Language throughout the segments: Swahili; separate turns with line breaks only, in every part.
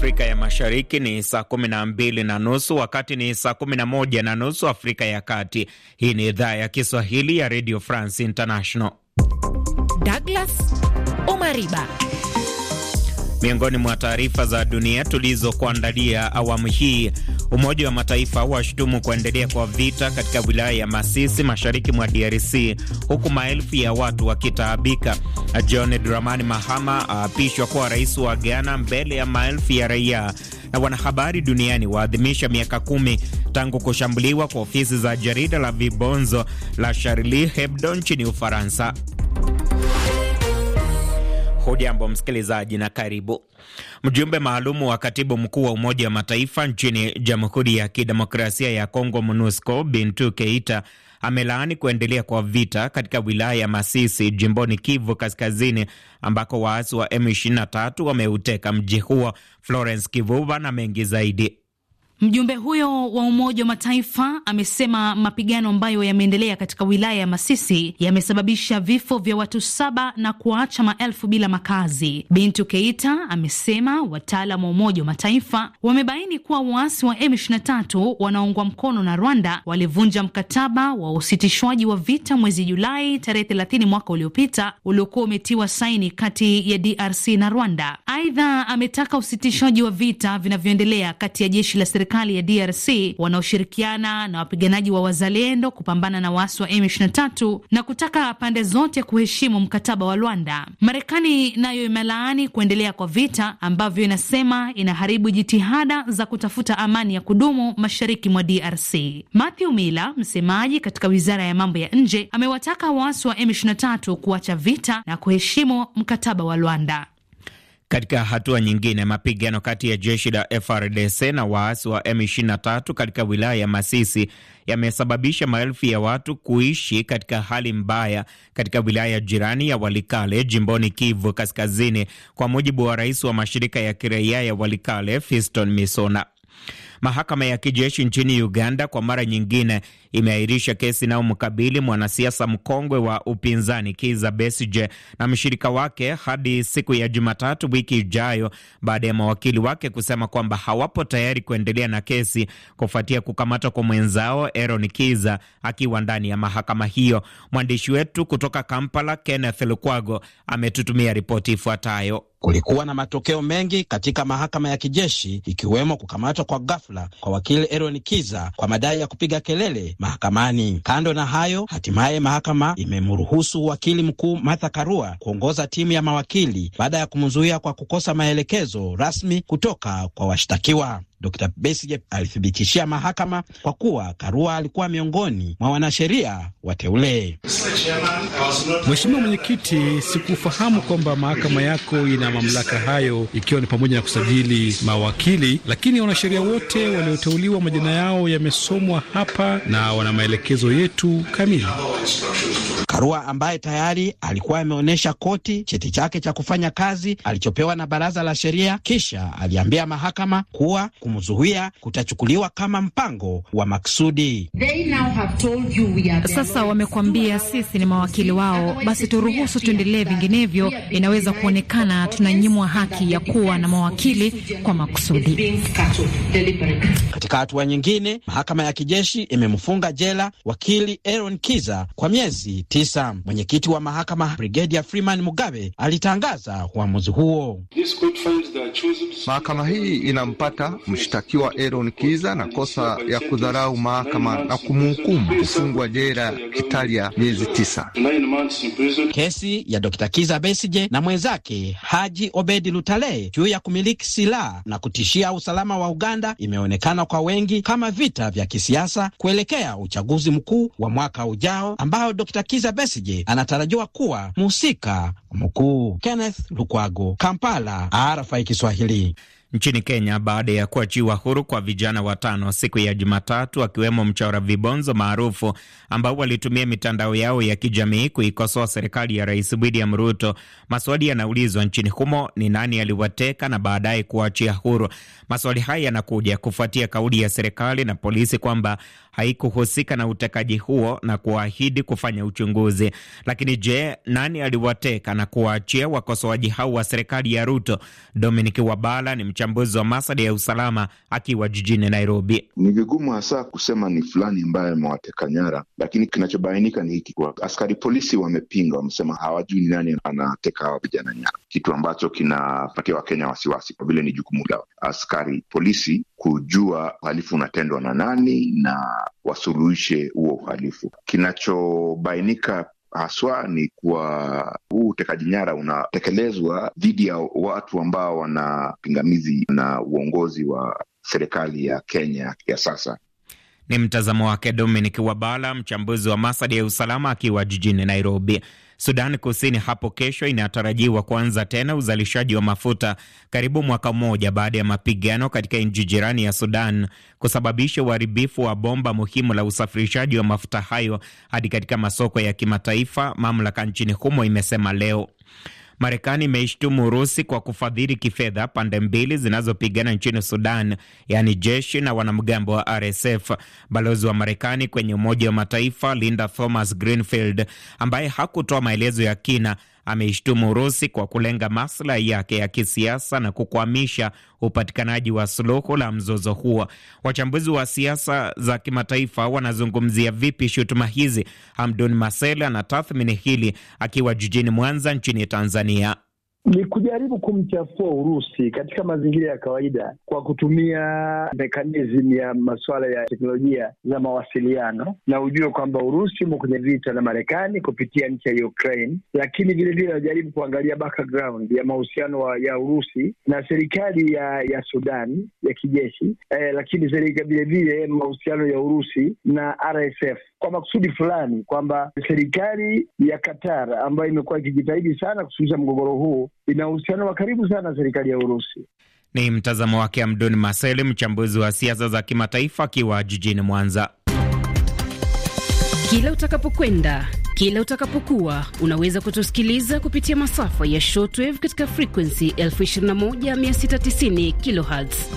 Afrika ya Mashariki ni saa kumi na mbili na nusu wakati ni saa kumi na moja na nusu Afrika ya Kati. Hii ni idhaa ya Kiswahili ya Radio France International.
Douglas Omariba
Miongoni mwa taarifa za dunia tulizokuandalia awamu hii, Umoja wa Mataifa washutumu kuendelea kwa vita katika wilaya ya Masisi mashariki mwa DRC huku maelfu ya watu wakitaabika. John Dramani Mahama aapishwa kuwa rais wa Ghana mbele ya maelfu ya raia na wanahabari duniani waadhimisha miaka kumi tangu kushambuliwa kwa ofisi za jarida la vibonzo la Charlie Hebdo nchini Ufaransa. Hujambo msikilizaji na karibu. Mjumbe maalumu wa katibu mkuu wa Umoja wa Mataifa nchini Jamhuri ya Kidemokrasia ya Kongo, MONUSCO, Bintu Keita amelaani kuendelea kwa vita katika wilaya ya Masisi jimboni Kivu Kaskazini, ambako waasi wa M23 wameuteka mji huo. Florence Kivuva na mengi zaidi.
Mjumbe huyo wa Umoja wa Mataifa amesema mapigano ambayo yameendelea katika wilaya ya Masisi yamesababisha vifo vya watu saba na kuwaacha maelfu bila makazi. Bintu Keita amesema wataalam wa Umoja wa Mataifa wamebaini kuwa waasi wa M23 wanaoungwa mkono na Rwanda walivunja mkataba wa usitishwaji wa vita mwezi Julai tarehe 30 mwaka uliopita uliokuwa umetiwa saini kati ya DRC na Rwanda. Aidha, ametaka usitishwaji wa vita vinavyoendelea kati ya jeshi la serikali serikali ya DRC wanaoshirikiana na wapiganaji wa wazalendo kupambana na waasi wa M23 na kutaka pande zote kuheshimu mkataba wa Luanda. Marekani nayo imelaani kuendelea kwa vita ambavyo inasema inaharibu jitihada za kutafuta amani ya kudumu mashariki mwa DRC. Matthew Miller, msemaji katika wizara ya mambo ya nje, amewataka waasi wa M23 kuacha vita na kuheshimu mkataba wa Luanda.
Katika hatua nyingine, mapigano kati ya jeshi la FRDC na waasi wa M23 katika wilaya ya Masisi yamesababisha maelfu ya watu kuishi katika hali mbaya katika wilaya jirani ya Walikale jimboni Kivu Kaskazini, kwa mujibu wa rais wa mashirika ya kiraia ya Walikale Fiston Misona. Mahakama ya kijeshi nchini Uganda kwa mara nyingine imeahirisha kesi inayomkabili mwanasiasa mkongwe wa upinzani Kizza Besigye na mshirika wake hadi siku ya Jumatatu wiki ijayo baada ya mawakili wake kusema kwamba hawapo tayari kuendelea na kesi kufuatia kukamatwa kwa mwenzao Aaron Kizza akiwa ndani ya mahakama hiyo. Mwandishi wetu kutoka Kampala, Kenneth Lukwago, ametutumia ripoti ifuatayo.
Kulikuwa na matokeo mengi katika mahakama ya kijeshi ikiwemo kukamatwa kwa ghafla kwa wakili Aaron Kiza kwa madai ya kupiga kelele mahakamani. Kando na hayo, hatimaye mahakama imemruhusu wakili mkuu Martha Karua kuongoza timu ya mawakili baada ya kumzuia kwa kukosa maelekezo rasmi kutoka kwa washtakiwa. Dr. Besigye alithibitishia mahakama kwa kuwa Karua alikuwa miongoni mwa wanasheria wateule. Mheshimiwa Mwenyekiti, sikufahamu kwamba mahakama yako ina mamlaka hayo, ikiwa ni pamoja na kusajili mawakili, lakini wanasheria wote walioteuliwa majina yao yamesomwa hapa na wana maelekezo yetu kamili. Karua ambaye tayari alikuwa ameonyesha koti cheti chake cha kufanya kazi alichopewa na baraza la sheria, kisha aliambia mahakama kuwa kumzuia kutachukuliwa kama mpango wa maksudi.
Sasa wamekuambia sisi ni mawakili wao, basi turuhusu tuendelee, vinginevyo inaweza kuonekana tunanyimwa haki ya kuwa na mawakili kwa makusudi.
Katika hatua nyingine, mahakama ya kijeshi imemfunga jela wakili Aaron Kiza kwa miezi tisa. Mwenyekiti wa mahakama Brigedia Freeman Mugabe alitangaza uamuzi huo.
Mahakama hii inampata kumshtakiwa Aaron Kiza na kosa ya kudharau mahakama na kumhukumu kufungwa jela Italia miezi tisa.
Kesi ya Dr. Kiza Besije na mwenzake Haji Obedi Lutale juu ya kumiliki silaha na kutishia usalama wa Uganda imeonekana kwa wengi kama vita vya kisiasa kuelekea uchaguzi mkuu wa mwaka ujao ambao Dr. Kiza Besije anatarajiwa
kuwa mhusika mkuu. Kenneth Lukwago, Kampala, RFI Kiswahili nchini Kenya baada ya kuachiwa huru kwa vijana watano siku ya Jumatatu, akiwemo mchora vibonzo maarufu ambao walitumia mitandao yao ya kijamii kuikosoa serikali ya Rais William Ruto. Maswali yanaulizwa nchini humo ni nani aliwateka na baadaye kuachia huru. Maswali haya yanakuja kufuatia kauli ya serikali na polisi kwamba haikuhusika na utekaji huo na kuahidi kufanya uchunguzi. Lakini je, nani aliwateka na kuwaachia wakosoaji hao wa serikali ya Ruto? Dominic Wabala ni mchambuzi wa masada ya usalama akiwa jijini Nairobi. Ni vigumu hasa kusema ni fulani ambaye amewateka nyara, lakini kinachobainika ni hiki, askari polisi wamepinga, wamesema hawajui ni nani anateka hawa vijana nyara, kitu ambacho kinapatia Wakenya wasiwasi, kwa vile ni jukumu la askari polisi kujua uhalifu unatendwa na nani na wasuluhishe huo uhalifu. Kinachobainika haswa ni kuwa huu utekaji nyara unatekelezwa dhidi ya watu ambao wana pingamizi na uongozi wa serikali ya Kenya ya sasa. Ni mtazamo wake Dominic Wabala, mchambuzi wa masada ya usalama akiwa jijini Nairobi. Sudan Kusini hapo kesho inatarajiwa kuanza tena uzalishaji wa mafuta karibu mwaka mmoja baada ya mapigano katika nchi jirani ya Sudan kusababisha uharibifu wa bomba muhimu la usafirishaji wa mafuta hayo hadi katika masoko ya kimataifa, mamlaka nchini humo imesema leo. Marekani imeishtumu Urusi kwa kufadhili kifedha pande mbili zinazopigana nchini Sudan, yaani jeshi na wanamgambo wa RSF. Balozi wa Marekani kwenye Umoja wa Mataifa Linda Thomas Greenfield, ambaye hakutoa maelezo ya kina, ameishtumu Urusi kwa kulenga maslahi yake ya kisiasa na kukwamisha upatikanaji wa suluhu la mzozo huo. Wachambuzi wa siasa za kimataifa wanazungumzia vipi shutuma hizi? Hamdun Masela anatathmini hili akiwa jijini Mwanza nchini Tanzania
ni kujaribu kumchafua Urusi katika mazingira ya kawaida kwa kutumia mekanizmu ya masuala ya teknolojia za mawasiliano, na ujue kwamba Urusi umo kwenye vita na Marekani kupitia nchi ya Ukraine, lakini vilevile anajaribu kuangalia background ya mahusiano ya Urusi na serikali ya ya Sudan ya kijeshi eh, lakini vilevile mahusiano ya Urusi na RSF kwa makusudi fulani, kwamba serikali ya Qatar ambayo imekuwa ikijitahidi sana kusuluhisha mgogoro huu ina uhusiano wa karibu sana na serikali ya Urusi.
Ni mtazamo wake Amdun Maseli, mchambuzi wa siasa za kimataifa akiwa jijini Mwanza.
Kila utakapokwenda kila utakapokuwa unaweza kutusikiliza kupitia masafa ya shortwave katika frekuensi 21690 kilohertz.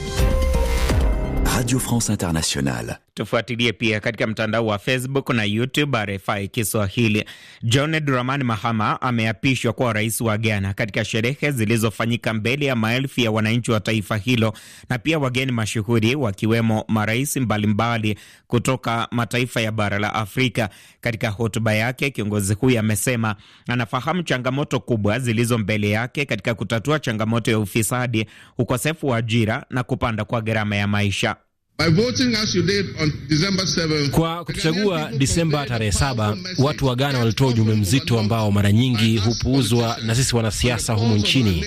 Radio France Internationale. Tufuatilie pia katika mtandao wa Facebook na YouTube RFI Kiswahili. John Dramani Mahama ameapishwa kuwa rais wa Ghana katika sherehe zilizofanyika mbele ya maelfu ya wananchi wa taifa hilo na pia wageni mashuhuri wakiwemo marais mbalimbali kutoka mataifa ya bara la Afrika. Katika hotuba yake, kiongozi huyu amesema anafahamu changamoto kubwa zilizo mbele yake katika kutatua changamoto ya ufisadi, ukosefu wa ajira na kupanda kwa gharama ya maisha.
By voting as you did on December 7, kwa kutuchagua Disemba tarehe saba, watu wa Ghana walitoa ujumbe mzito ambao mara nyingi hupuuzwa na sisi wanasiasa humu nchini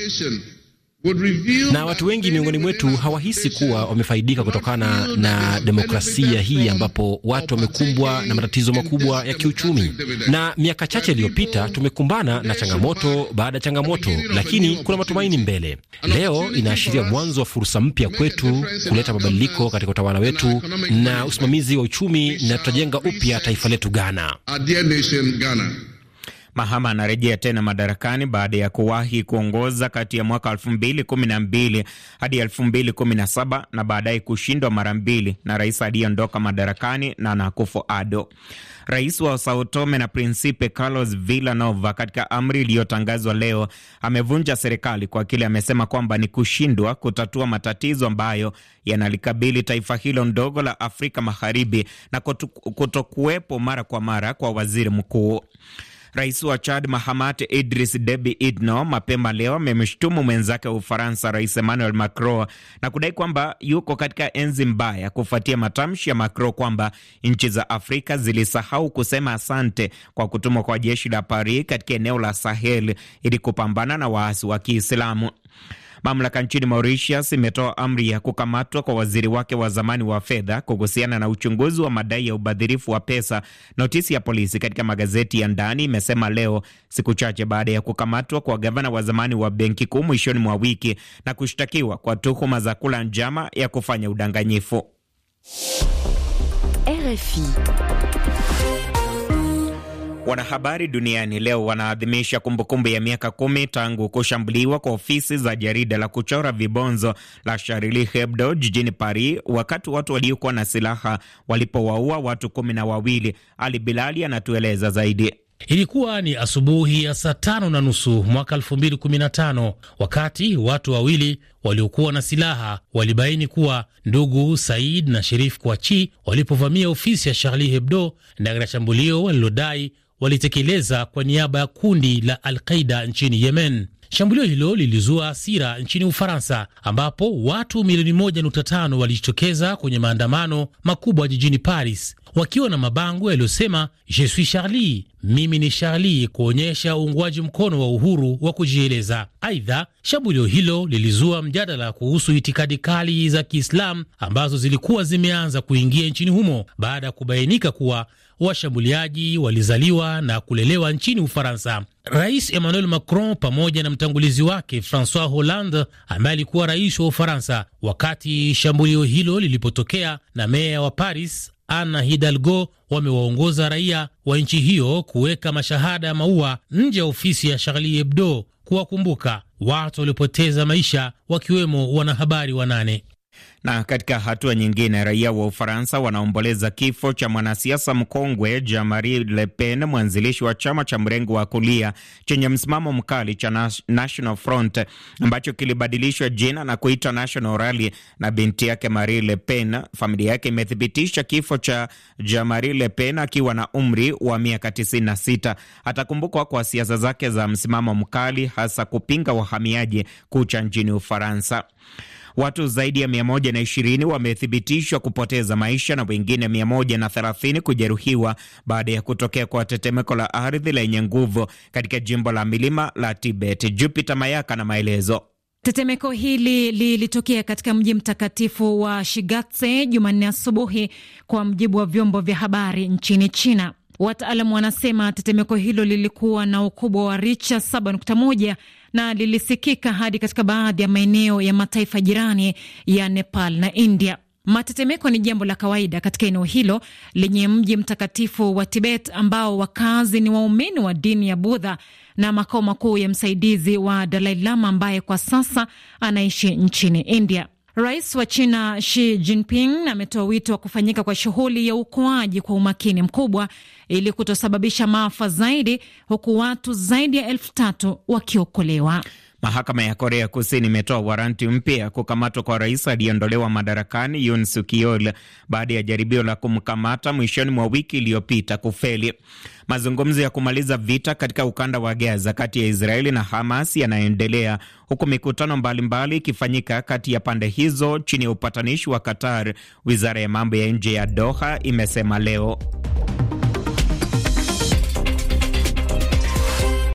na watu wengi miongoni mwetu hawahisi kuwa wamefaidika kutokana na demokrasia hii, ambapo watu wamekumbwa na matatizo makubwa ya kiuchumi. Na miaka chache iliyopita tumekumbana na changamoto baada ya changamoto, lakini kuna matumaini mbele. Leo inaashiria mwanzo wa fursa mpya kwetu kuleta mabadiliko katika utawala wetu na usimamizi wa uchumi, na tutajenga upya taifa letu Ghana.
Mahama anarejea tena madarakani baada ya kuwahi kuongoza kati ya mwaka 2012 hadi 2017 na baadaye kushindwa mara mbili na rais aliyeondoka madarakani na Nakufo ado Rais wa Sao Tome na Principe Carlos Villanova, katika amri iliyotangazwa leo, amevunja serikali kwa kile amesema kwamba ni kushindwa kutatua matatizo ambayo yanalikabili taifa hilo ndogo la Afrika Magharibi na kutokuwepo mara kwa mara kwa waziri mkuu. Rais wa Chad Mahamat Idris Deby Itno mapema leo amemshutumu mwenzake wa Ufaransa Rais Emmanuel Macron na kudai kwamba yuko katika enzi mbaya kufuatia matamshi ya Macron kwamba nchi za Afrika zilisahau kusema asante kwa kutumwa kwa jeshi la Paris katika eneo la Sahel ili kupambana na waasi wa Kiislamu. Mamlaka nchini Mauritius imetoa amri ya kukamatwa kwa waziri wake wa zamani wa fedha kuhusiana na uchunguzi wa madai ya ubadhirifu wa pesa, notisi ya polisi katika magazeti ya ndani imesema leo, siku chache baada ya kukamatwa kwa gavana wa zamani wa benki kuu mwishoni mwa wiki na kushtakiwa kwa tuhuma za kula njama ya kufanya udanganyifu. RFI. Wanahabari duniani leo wanaadhimisha kumbukumbu ya miaka kumi tangu kushambuliwa kwa ofisi za jarida la kuchora vibonzo la Charlie Hebdo jijini Paris, wakati watu waliokuwa na silaha walipowaua watu kumi na wawili. Ali Bilali anatueleza zaidi. Ilikuwa ni asubuhi
ya saa tano na nusu mwaka tano wakati watu wawili waliokuwa na silaha walibaini kuwa ndugu Said na Sherif Kwachi walipovamia ofisi ya Charlie Hebdo na katika shambulio walilodai walitekeleza kwa niaba ya kundi la Al-Qaida nchini Yemen. Shambulio hilo lilizua hasira nchini Ufaransa, ambapo watu milioni 1.5 walijitokeza kwenye maandamano makubwa jijini Paris wakiwa na mabango yaliyosema Je suis Charlie, mimi ni Charlie, kuonyesha uungwaji mkono wa uhuru wa kujieleza. Aidha, shambulio hilo lilizua mjadala kuhusu itikadi kali za Kiislamu ambazo zilikuwa zimeanza kuingia nchini humo baada ya kubainika kuwa washambuliaji walizaliwa na kulelewa nchini Ufaransa. Rais Emmanuel Macron pamoja na mtangulizi wake Francois Hollande ambaye alikuwa rais wa Ufaransa wakati shambulio hilo lilipotokea, na meya wa Paris ana Hidalgo wamewaongoza raia wa nchi hiyo kuweka mashahada ya maua nje ya ofisi ya Charlie Hebdo kuwakumbuka watu waliopoteza maisha wakiwemo wanahabari wanane.
Na katika hatua nyingine, raia wa Ufaransa wanaomboleza kifo cha mwanasiasa mkongwe Jean-Marie Le Pen, mwanzilishi wa chama cha mrengo wa kulia chenye msimamo mkali cha National Front ambacho kilibadilishwa jina na kuitwa National Rally na binti yake Marie Le Pen. Familia yake imethibitisha kifo cha Jean-Marie Le Pen akiwa na umri wa miaka 96. Atakumbukwa kwa siasa zake za msimamo mkali, hasa kupinga wahamiaji kucha nchini Ufaransa. Watu zaidi ya 120 wamethibitishwa kupoteza maisha na wengine 130 kujeruhiwa baada ya kutokea kwa tetemeko la ardhi lenye nguvu katika jimbo la milima la Tibet. Jupiter Mayaka na maelezo.
Tetemeko hili lilitokea katika mji mtakatifu wa Shigatse Jumanne asubuhi, kwa mjibu wa vyombo vya habari nchini China. Wataalamu wanasema tetemeko hilo lilikuwa na ukubwa wa richa 7.1 na lilisikika hadi katika baadhi ya maeneo ya mataifa jirani ya Nepal na India. Matetemeko ni jambo la kawaida katika eneo hilo lenye mji mtakatifu wa Tibet ambao wakazi ni waumini wa dini ya Budha na makao makuu ya msaidizi wa Dalai Lama ambaye kwa sasa anaishi nchini India. Rais wa China Xi Jinping ametoa wito wa kufanyika kwa shughuli ya uokoaji kwa umakini mkubwa ili kutosababisha maafa zaidi, huku watu zaidi ya elfu tatu wakiokolewa.
Mahakama ya Korea Kusini imetoa waranti mpya ya kukamatwa kwa rais aliyeondolewa madarakani Yoon Suk Yeol baada ya jaribio la kumkamata mwishoni mwa wiki iliyopita kufeli. Mazungumzo ya kumaliza vita katika ukanda wa Gaza kati ya Israeli na Hamas yanaendelea huku mikutano mbalimbali ikifanyika mbali kati ya pande hizo chini ya upatanishi wa Qatar, wizara ya mambo ya nje ya Doha imesema leo.